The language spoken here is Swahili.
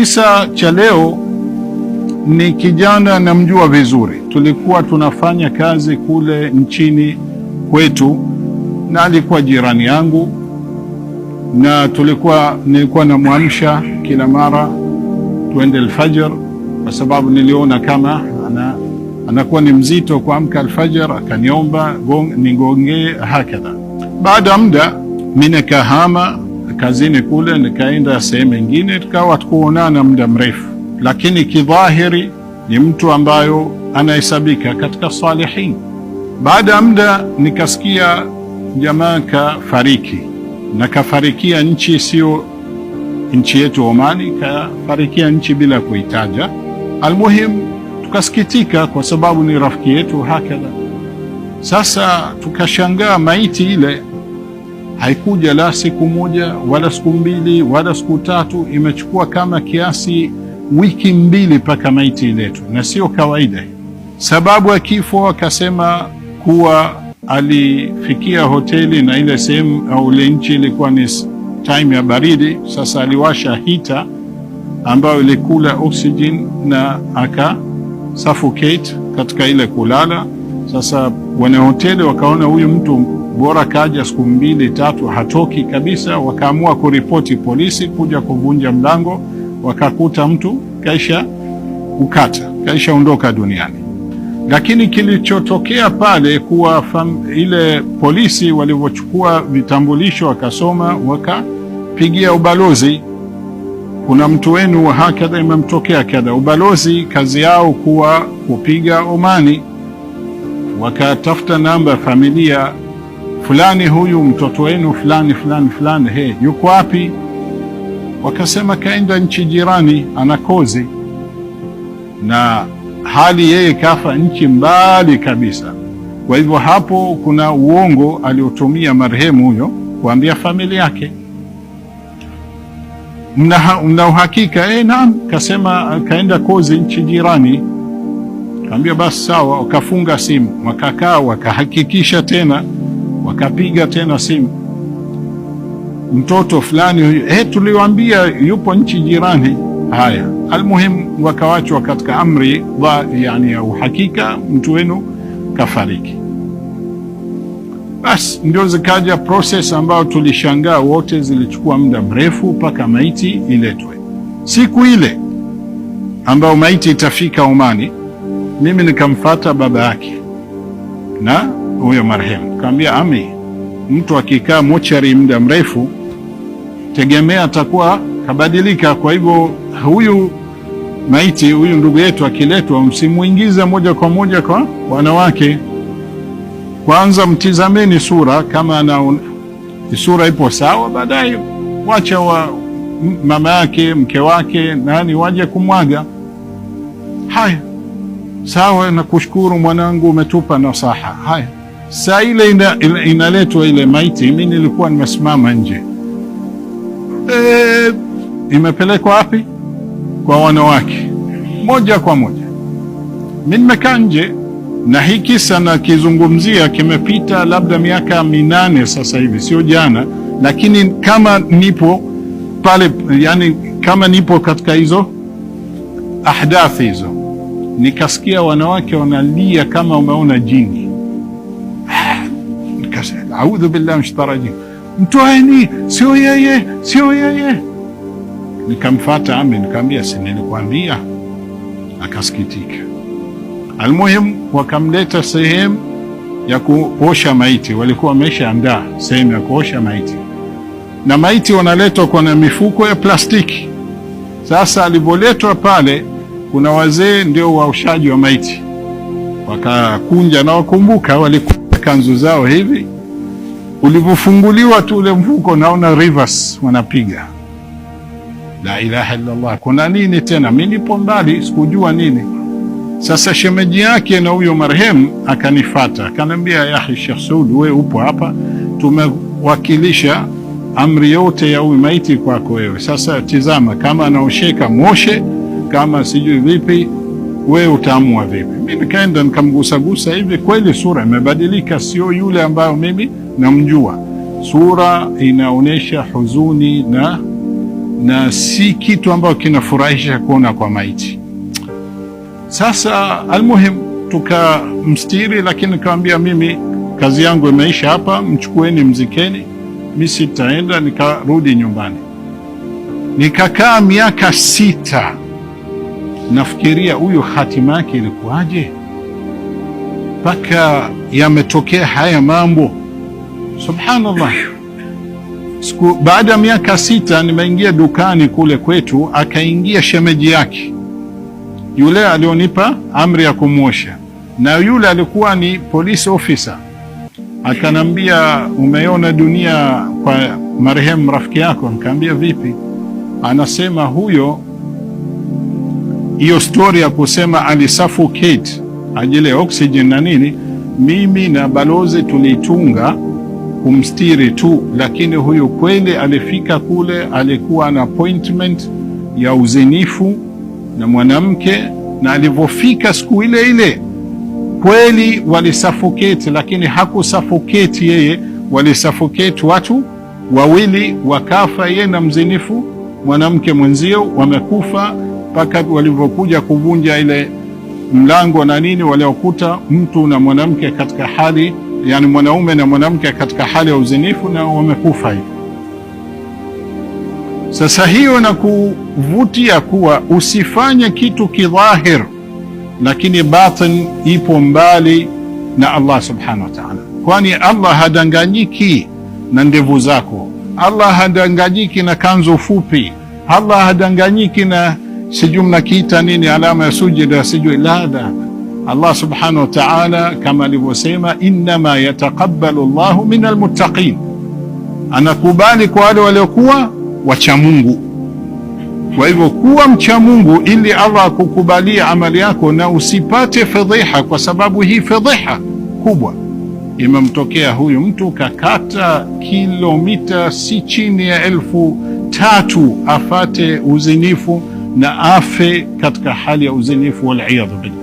Kisa cha leo ni kijana namjua vizuri, tulikuwa tunafanya kazi kule nchini kwetu, na alikuwa jirani yangu, na tulikuwa nilikuwa namwamsha kila mara tuende alfajr, kwa sababu niliona kama ana, anakuwa ni mzito kuamka alfajr. Akaniomba gong, nigongee hakadha. Baada ya muda nikahama kazini kule, nikaenda sehemu nyingine, tukawa tukuonana muda mrefu, lakini kidhahiri ni mtu ambayo anahesabika katika salihin. Baada ya muda nikasikia jamaa kafariki, na kafarikia nchi sio nchi yetu Omani, kafarikia nchi bila kuitaja. Almuhim, tukasikitika kwa sababu ni rafiki yetu. Hakadha sasa tukashangaa maiti ile haikuja la siku moja wala siku mbili wala siku tatu, imechukua kama kiasi wiki mbili mpaka maiti iletwe, na sio kawaida. Sababu ya kifo akasema kuwa alifikia hoteli na ile sehemu au ile nchi ilikuwa ni time ya baridi. Sasa aliwasha hita ambayo ilikula oxygen na aka suffocate katika ile kulala. Sasa hoteli wakaona huyu mtu bora kaja siku mbili tatu hatoki kabisa. Wakaamua kuripoti polisi kuja kuvunja mlango, wakakuta mtu kaisha ukata kaisha ondoka duniani. Lakini kilichotokea pale kuwa fam, ile polisi walivyochukua vitambulisho wakasoma, wakapigia ubalozi, kuna mtu wenu wa hakadha imemtokea kadha. Ubalozi kazi yao kuwa kupiga omani, wakatafuta namba ya familia fulani, huyu mtoto wenu fulani fulani fulani, he, yuko wapi? Wakasema kaenda nchi jirani, ana kozi na hali yeye kafa nchi mbali kabisa. Kwa hivyo hapo kuna uongo aliotumia marehemu huyo kuambia familia yake. Mna, mna uhakika? E, naam. Kasema kaenda kozi nchi jirani, kaambia basi sawa. Wakafunga simu, wakakaa wakahakikisha tena wakapiga tena simu, mtoto fulani huyu eh, tuliwaambia yupo nchi jirani. Haya, almuhimu wakawachwa katika amri wa yani ya uhakika, mtu wenu kafariki. Basi ndio zikaja process ambayo tulishangaa wote, zilichukua muda mrefu mpaka maiti iletwe. Siku ile ambayo maiti itafika Omani, mimi nikamfata baba yake na huyo marehemu. Kaambia ami, mtu akikaa mochari muda mrefu, tegemea atakuwa kabadilika. Kwa hivyo huyu maiti huyu ndugu yetu akiletwa, msimuingize moja kwa moja kwa wanawake. Kwanza mtizameni sura, kama ana sura ipo sawa, baadaye wacha wa mama yake mke wake nani waje kumwaga. Haya, sawa, nakushukuru mwanangu, umetupa nasaha. Haya. Saa ile inaletwa ina, ile maiti, mi nilikuwa nimesimama nje e, imepelekwa wapi? Kwa wanawake moja kwa moja. mi nimekaa nje, na hii kisa nakizungumzia kimepita labda miaka minane sasa hivi, sio jana, lakini kama nipo pale, yani kama nipo katika hizo ahdathi hizo, nikasikia wanawake wanalia kama umeona jini audhu billahi mshtarajim, mtoeni, sio yeye, sio yeye. Nikamfata ami, nikamwambia si nilikwambia? Akasikitika. Almuhimu wakamleta sehemu ya kuosha maiti, walikuwa wameshaandaa sehemu ya kuosha maiti, na maiti wanaletwa kwenye mifuko ya plastiki. Sasa alivyoletwa pale, kuna wazee ndio waoshaji wa maiti, wakakunja na wakumbuka, walikuwa kanzu zao hivi Ulivyofunguliwa tu ule mfuko, naona rivers wanapiga la ilaha illa Allah. Kuna nini tena? Mimi nipo mbali, sikujua nini. Sasa shemeji yake na huyo marehemu akanifata, akaniambia yahi, Sheikh Saud, wewe upo hapa, tumewakilisha amri yote ya huyu maiti kwako wewe. Sasa tizama, kama anaosheka moshe, kama sijui vipi, we utaamua vipi? Mimi nikaenda nikamgusagusa hivi, kweli sura imebadilika, sio yule ambayo mimi namjua. Sura inaonyesha huzuni na, na si kitu ambacho kinafurahisha kuona kwa maiti. Sasa almuhim, tukamstiri, lakini nikamwambia mimi kazi yangu imeisha hapa, mchukueni mzikeni, mi sitaenda. Nikarudi nyumbani, nikakaa miaka sita nafikiria huyu hatima yake ilikuwaje mpaka yametokea haya mambo. Subhanallah. Siku baada ya miaka sita nimeingia dukani kule kwetu, akaingia shemeji yake yule alionipa amri ya kumwosha, na yule alikuwa ni police officer. Akanambia, umeona dunia kwa marehemu rafiki yako? Nikaambia, vipi? Anasema huyo, hiyo stori ya kusema alisuffocate ajili ya oxygen na nini, mimi na balozi tuliitunga kumstiri tu, lakini huyu kweli alifika kule, alikuwa na appointment ya uzinifu na mwanamke, na alivyofika siku ile ile kweli walisafuketi, lakini hakusafuketi yeye, walisafuketi watu wawili wakafa, yeye na mzinifu mwanamke mwenzio wamekufa, mpaka walivyokuja kuvunja ile mlango na nini, waliokuta mtu na mwanamke katika hali yani mwanaume na mwanamke katika hali ya uzinifu na wamekufa hivi. Sasa hiyo na kuvutia kuwa usifanye kitu kidhahir, lakini batin ipo mbali na Allah subhanahu wa ta'ala, kwani Allah hadanganyiki na ndevu zako, Allah hadanganyiki na kanzu fupi, Allah hadanganyiki na sijui mnakiita nini, alama ya sujud, sijui ladha Allah subhanahu wa ta'ala kama alivyosema, innama yataqabbalu llahu min almuttaqin, anakubali kwa wale waliokuwa wacha Mungu. Kwa hivyo kuwa mcha Mungu ili Allah akukubalie amali yako na usipate fedheha, kwa sababu hii fedheha kubwa imemtokea huyu mtu, kakata kilomita si chini ya elfu tatu afate uzinifu na afe katika hali ya uzinifu, waliyadhu billah.